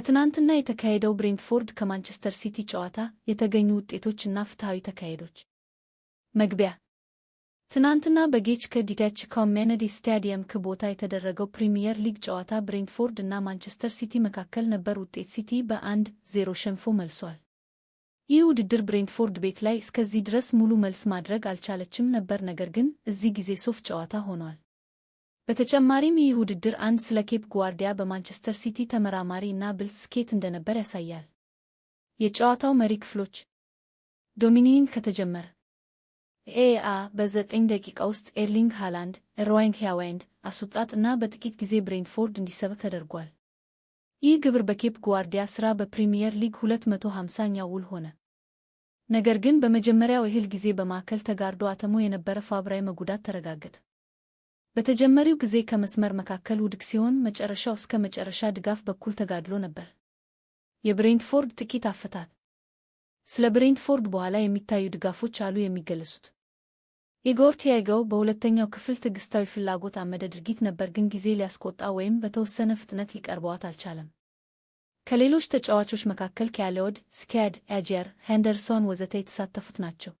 ከትናንትና የተካሄደው ብሬንትፎርድ ከማንቸስተር ሲቲ ጨዋታ የተገኙ ውጤቶች እና ፍትሐዊ ተካሄዶች። መግቢያ ትናንትና በጌች ከዲዳች ኮሜነዲ ስታዲየም ከቦታ የተደረገው ፕሪምየር ሊግ ጨዋታ ብሬንትፎርድ እና ማንቸስተር ሲቲ መካከል ነበር። ውጤት ሲቲ በአንድ ዜሮ ሸንፎ መልሷል። ይህ ውድድር ብሬንትፎርድ ቤት ላይ እስከዚህ ድረስ ሙሉ መልስ ማድረግ አልቻለችም ነበር፣ ነገር ግን እዚህ ጊዜ ሶፍ ጨዋታ ሆኗል። በተጨማሪም ይህ ውድድር አንድ ስለ ኬፕ ጓርዲያ በማንቸስተር ሲቲ ተመራማሪ እና ብልጥ ስኬት እንደነበር ያሳያል። የጨዋታው መሪ ክፍሎች ዶሚኒን ከተጀመረ ኤኤአ በዘጠኝ ደቂቃ ውስጥ ኤርሊንግ ሃላንድ ሮይንግ ሃላንድ አስወጣት እና በጥቂት ጊዜ ብሬንፎርድ እንዲሰበክ ተደርጓል። ይህ ግብር በኬፕ ጓርዲያ ሥራ በፕሪምየር ሊግ 250ኛው ውል ሆነ። ነገር ግን በመጀመሪያው እህል ጊዜ በማዕከል ተጋርዶ አተሞ የነበረ ፋብራዊ መጉዳት ተረጋገጠ። በተጀመሪው ጊዜ ከመስመር መካከል ውድቅ ሲሆን መጨረሻው እስከ መጨረሻ ድጋፍ በኩል ተጋድሎ ነበር። የብሬንትፎርድ ጥቂት አፈታት ስለ ብሬንትፎርድ በኋላ የሚታዩ ድጋፎች አሉ የሚገለጹት። ኢጎር ቲያጎ በሁለተኛው ክፍል ትዕግስታዊ ፍላጎት አመደ ድርጊት ነበር፣ ግን ጊዜ ሊያስቆጣ ወይም በተወሰነ ፍጥነት ሊቀርበዋት አልቻለም። ከሌሎች ተጫዋቾች መካከል ኪያለወድ፣ ስኪያድ፣ ኤጀር፣ ሄንደርሶን ወዘተ የተሳተፉት ናቸው።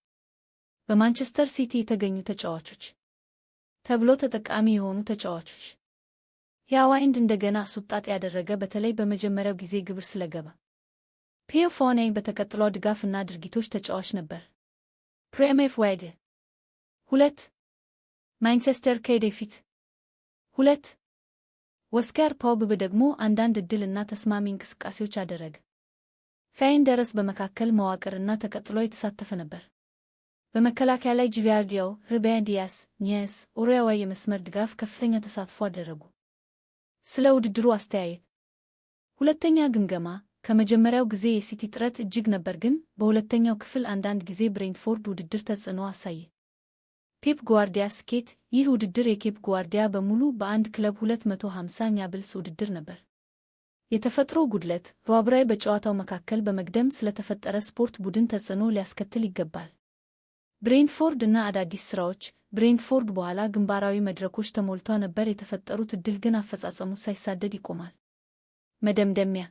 በማንቸስተር ሲቲ የተገኙ ተጫዋቾች ተብሎ ተጠቃሚ የሆኑ ተጫዋቾች የአዋይንድ እንደገና ሱጣጥ ያደረገ በተለይ በመጀመሪያው ጊዜ ግብር ስለገባ ፒዮፎኔን በተቀጥሎ ድጋፍና ድርጊቶች ተጫዋች ነበር። ፕሬሜፍ ዋይድ ሁለት ማንቸስተር ከዴፊት ሁለት ወስካር ፓውብ ደግሞ አንዳንድ ዕድል እና ተስማሚ እንቅስቃሴዎች አደረገ። ደረስ በመካከል መዋቅርና ተቀጥሎ የተሳተፈ ነበር። በመከላከያ ላይ ጂቫርዲያው፣ ሩቤን ዲያስ፣ ኒየስ ኦሮያዋ የመስመር ድጋፍ ከፍተኛ ተሳትፎ አደረጉ። ስለ ውድድሩ አስተያየት ሁለተኛ ግምገማ ከመጀመሪያው ጊዜ የሲቲ ጥረት እጅግ ነበር፣ ግን በሁለተኛው ክፍል አንዳንድ ጊዜ ብሬንትፎርድ ውድድር ተጽዕኖ አሳየ። ፔፕ ጓርዲያ ስኬት ይህ ውድድር የፔፕ ጓርዲያ በሙሉ በአንድ ክለብ 250ኛ ውድድር ነበር። የተፈጥሮ ጉድለት ሯብራይ በጨዋታው መካከል በመግደም ስለተፈጠረ ስፖርት ቡድን ተጽዕኖ ሊያስከትል ይገባል። ብሬንትፎርድ እና አዳዲስ ስራዎች ብሬንትፎርድ በኋላ ግንባራዊ መድረኮች ተሞልቶ ነበር። የተፈጠሩት እድል ግን አፈጻጸሙ ሳይሳደድ ይቆማል። መደምደሚያ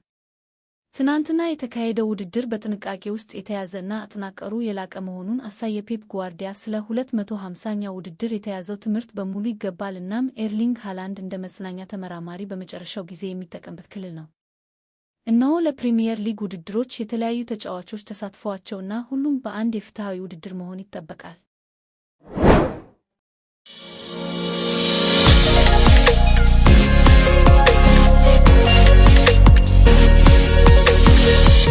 ትናንትና የተካሄደው ውድድር በጥንቃቄ ውስጥ የተያዘና አጠናቀሩ የላቀ መሆኑን አሳየ። ፔፕ ጓርዲያ ስለ 250ኛ ውድድር የተያዘው ትምህርት በሙሉ ይገባል። እናም ኤርሊንግ ሃላንድ እንደ መጽናኛ ተመራማሪ በመጨረሻው ጊዜ የሚጠቀምበት ክልል ነው። እነሆ ለፕሪምየር ሊግ ውድድሮች የተለያዩ ተጫዋቾች ተሳትፏቸውና ሁሉም በአንድ የፍትሐዊ ውድድር መሆን ይጠበቃል።